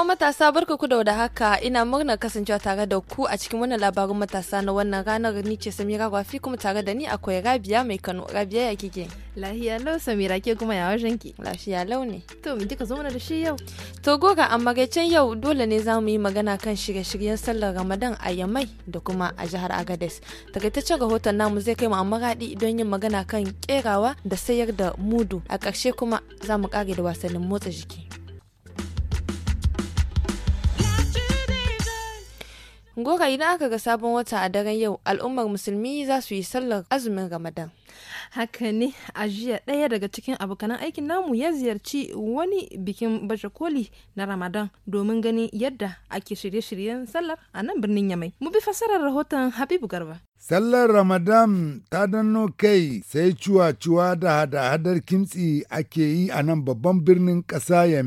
kuma matasa barka ku da haka ina murna kasancewa tare da ku a cikin wannan labarin matasa na wannan ranar ni ce Samira Gwafi kuma tare da ni akwai rabiya mai Kano rabiya ya kike Lahiya lau Samira ke kuma ya wajen ki Lafiya lau ne To mu ka zo mana da shi yau To goga a magaicen yau dole ne za mu yi magana kan shirye-shiryen sallar Ramadan a Yamai da kuma a jihar Agadez takaitaccen rahoton namu zai kai mu a magadi don yin magana kan kerawa da sayar da mudu a ƙarshe kuma za mu kare da wasannin motsa jiki Goga idan aka ga sabon wata a daren yau al'ummar musulmi za su yi sallar azumin Ramadan. haka ne a jiya ɗaya daga cikin abokanan aikin namu ya ziyarci wani bikin baje koli na ramadan domin ganin yadda ake shirye-shiryen sallar a nan birnin yamai mu bi fasarar rahoton habibu garba Sallar Ramadan ta danno kai sai cuwa-cuwa da hada-hadar kimtsi ake yi a nan babban birnin ƙasa ya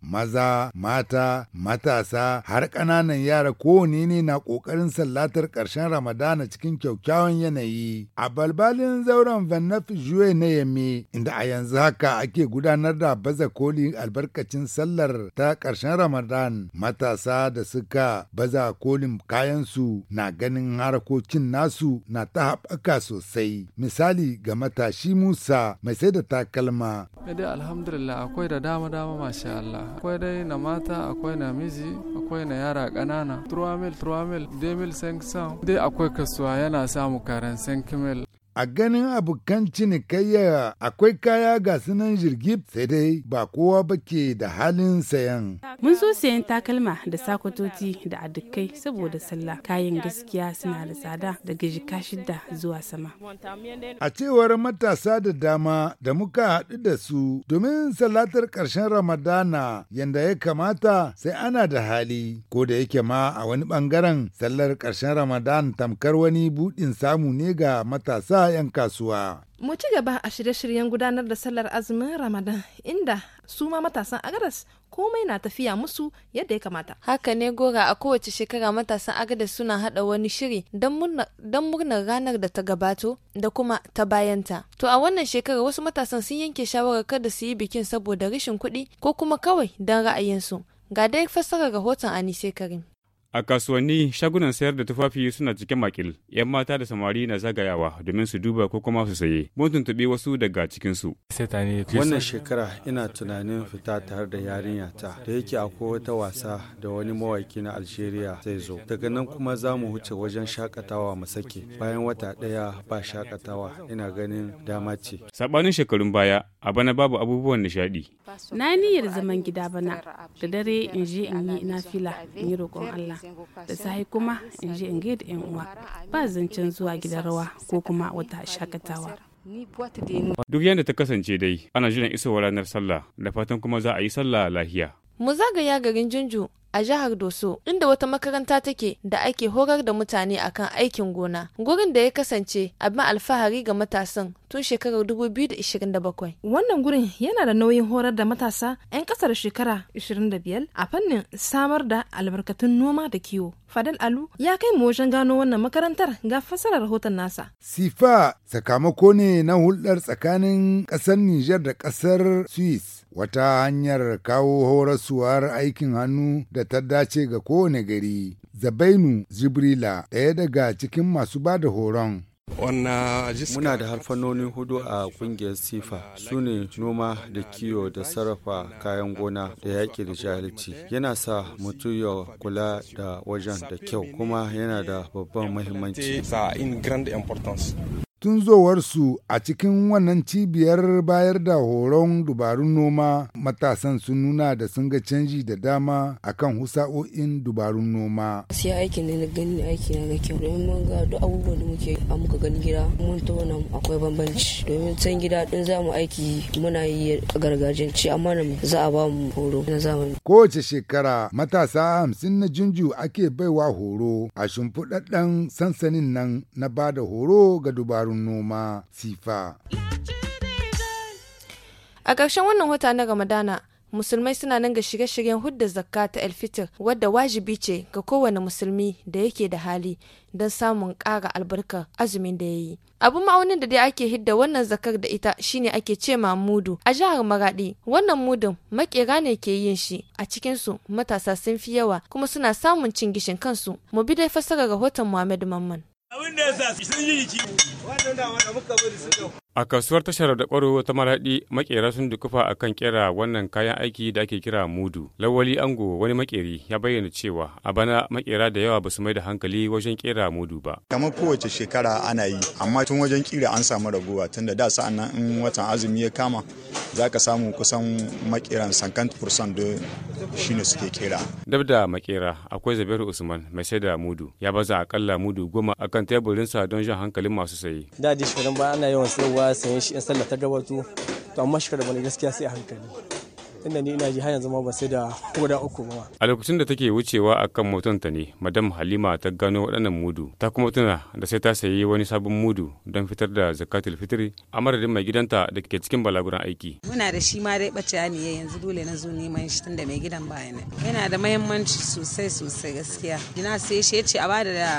maza, mata, matasa har ƙananan yara kowane ne na ƙoƙarin sallatar ƙarshen Ramadana cikin kyaukyawan yanayi. A balbalin zaure sauran Vannaf Juwe na Yamme inda a yanzu haka ake gudanar da baza koli albarkacin sallar ta ƙarshen Ramadan matasa da suka baza kolin kayansu na ganin harkokin nasu na ta haɓaka sosai. Misali ga matashi Musa mai sai da takalma. Eh dai alhamdulillah akwai da dama dama masha Allah. Akwai dai na mata akwai na miji akwai na yara ƙanana. Turwamil turwamil mil sankisan dai akwai kasuwa yana samu karen mil. A ganin abokan cinikayya akwai kaya ga sunan jirgi sai dai ba kowa ba ke da halin sayan. Mun so sayan takalma da sakwatoci da adukai saboda sallah kayan gaskiya suna da tsada daga jika shida zuwa sama. A cewar matasa da dama da muka haɗu da su domin salatar ƙarshen Ramadana yadda ya kamata sai ana da hali ko da yake ma a wani ɓangaren sallar ƙarshen Ramadan tamkar wani buɗin samu ne ga matasa 'yan kasuwa. Mu ci gaba a shirye-shiryen gudanar da sallar azumin Ramadan inda su ma matasan Agadas komai na tafiya musu yadda ya kamata. Haka ne gora a kowace shekara matasan agadas suna hada wani shiri don murnar ranar da ta gabato da kuma ta bayanta. To a wannan shekara wasu matasan sun yanke shawarar kada su yi bikin saboda rashin kuɗi ko kuma kawai don ra'ayinsu. Ga dai fassarar rahoton Anise Karim. A kasuwanni shagunan sayar da tufafi suna cike makil, 'yan mata da samari na zagayawa domin su duba ko kuma su saye. Mun tuntuɓi wasu daga cikinsu. Wannan shekara ina tunanin fita tare da yarinya ta da yake akwai wata wasa da wani mawaki na Algeria zai zo. Daga nan kuma za mu huce wajen shakatawa mu sake. Bayan wata ɗaya ba shakatawa ina ganin dama ce. Saɓanin shekarun baya, a bana babu abubuwan nishaɗi. na niyyar zaman gida bana da dare in je in yi na fila in yi roƙon allah da sahi kuma in je in gaida yan uwa ba zancen zuwa gidan rawa ko kuma wata shakatawa duk yadda ta kasance dai ana jiran isowar ranar sallah da fatan kuma za a yi sallah lahiya mu zagaya garin jinju a jihar Doso inda wata makaranta take da ake horar da mutane akan aikin gona. Gurin da ya kasance abin alfahari ga matasan tun shekarar 2027. Wannan gurin yana da nauyin horar da matasa 'yan kasar shekara 25 a fannin samar da albarkatun noma da kiwo. Fadal Alu ya kai mu wajen gano wannan makarantar ga fassara rahoton nasa. Sifa sakamako ne na hulɗar tsakanin ƙasar Nijar da ƙasar Swiss wata hanyar kawo horasuwar aikin hannu da da ta dace ga kowane gari. Zabainu Jibrila ɗaya daga cikin masu ba da horon. Muna da harfanoni hudu a kungiyar sifa su ne noma da kiwo da sarrafa kayan gona da yaƙi da jahilci. Yana sa mutum ya kula da wajen da kyau kuma yana da babban mahimmanci. zowarsu a cikin wannan cibiyar bayar da horon dubarun noma matasan sun nuna da sun ga canji da dama a akan husa'o'in dubarun noma sai aikin da na gani aiki na ga kyau domin mun ga duk abubuwan da muke a muka gani gida mun tauna akwai bambanci domin san gida din mu aiki muna yi gargajiyanci amma nan za a ba mu horo na zamani kowace shekara matasa hamsin na junju ake baiwa horo a shimfiɗaɗɗen sansanin nan na ba da horo ga dubarun noma sifa. A ƙarshen wannan wata na Ramadana, musulmai suna nan ga shirye-shiryen hudda zakka ta alfitir wadda wajibi ce ga kowane musulmi da yake da hali don samun ƙara albarkar azumin da ya yi abin ma'aunin da dai ake hidda wannan zakar da ita shine ake ce ma mudu a jihar maraɗi wannan mudun makera ne ke yin shi a cikinsu matasa sun fi yawa kuma suna samun cin gishin kansu mu bi dai fassarar rahoton muhammad mamman A kasuwar tashar da kwaro ta maraɗi makera sun dukufa a kan kera wannan kayan aiki da ake kira mudu. Lawali ango wani makeri ya bayyana cewa a bana makera da yawa ba su mai da hankali wajen kera mudu ba. Kamar kowace shekara ana yi, amma tun wajen kira an samu raguwa tun da da nan in watan azumi ya kama za ka samu kusan makeran sankan fursan da shine suke kera. Dab da makera akwai Zabiru Usman mai sai da mudu ya baza akalla mudu goma akan teburinsa don jan hankalin masu sayi. yi. da da shi ba ana yawan sayarwa sayan shi in sallah ta gabato to amma shi da gaskiya sai a hankali inda ni ina ji har yanzu ma ba sai da koda uku ba a lokacin da take wucewa a kan motonta ne madam halima ta gano waɗannan mudu ta kuma tuna da sai ta sayi wani sabon mudu don fitar da zakatul fitri a madadin mai gidanta da ke cikin balaguran aiki muna da shi ma dai bace ne yanzu dole na zo neman shi tunda mai gidan baya ne yana da mahimmanci sosai sosai gaskiya ina sai shi ya ce a bada da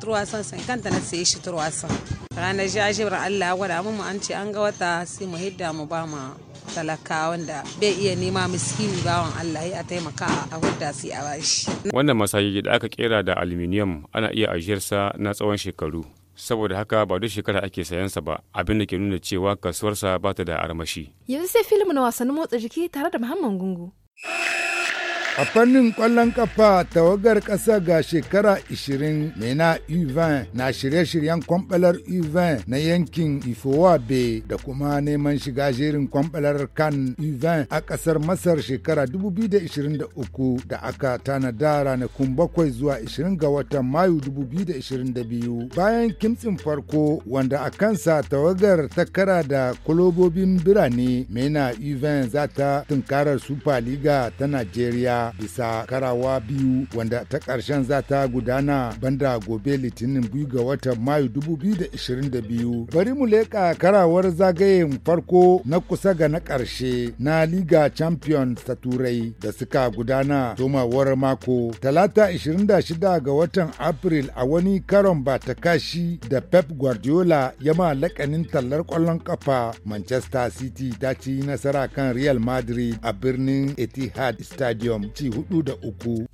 350 na saye shi 300 ranar jajibar Allah gwada mu an ce an ga wata sai mu hidda mu ba ma talaka wanda bai iya nema miskini bawan Allah ya taimaka a hudda sai a bashi wannan masayi da aka kera da aluminium ana iya ajiyarsa na tsawon shekaru saboda haka ba duk shekara ake sayansa ba abin da ke nuna cewa kasuwarsa ba ta da armashi yanzu sai filin na wasannin motsa jiki tare da muhammad gungu A fannin kwallon kafa tawagar ƙasa ga shekara 20 mena Uvan na shirye-shiryen kwamfalar Uvan na yankin Ifowa Bay da kuma neman shiga jerin kwamfalar kan Uvan a ƙasar Masar shekara 2023 da aka tanada ranakun bakwai zuwa 20 ga watan Mayu 2022 bayan kimtsin farko wanda a kansa tawagar ta kara da kulobobin birane mena Uvan za ta tunkarar Super League ta Najeriya. bisa karawa biyu wanda ta ƙarshen za ta gudana banda gobe Litinin biyu ga watan Mayu 2022. Bari mu leƙa karawar zagayen farko na kusa ga na ƙarshe na Liga champion ta Turai da suka gudana tomawar mako. Talata 26 ga watan April a wani karon ba ta kashi da Pep Guardiola ya ma lakanin tallar ƙwallon kafa Manchester City ta ci nasara kan Real Madrid a birnin Etihad Stadium. minti hudu da uku.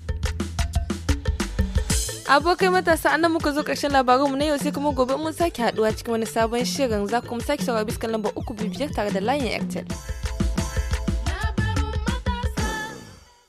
abokai matasa an muka zo ƙarshen labarinmu na yau sai kuma gobe mun sake haduwa cikin wani sabon shirin za ku mu sake saurari biskan lamba uku biyar tare da layin airtel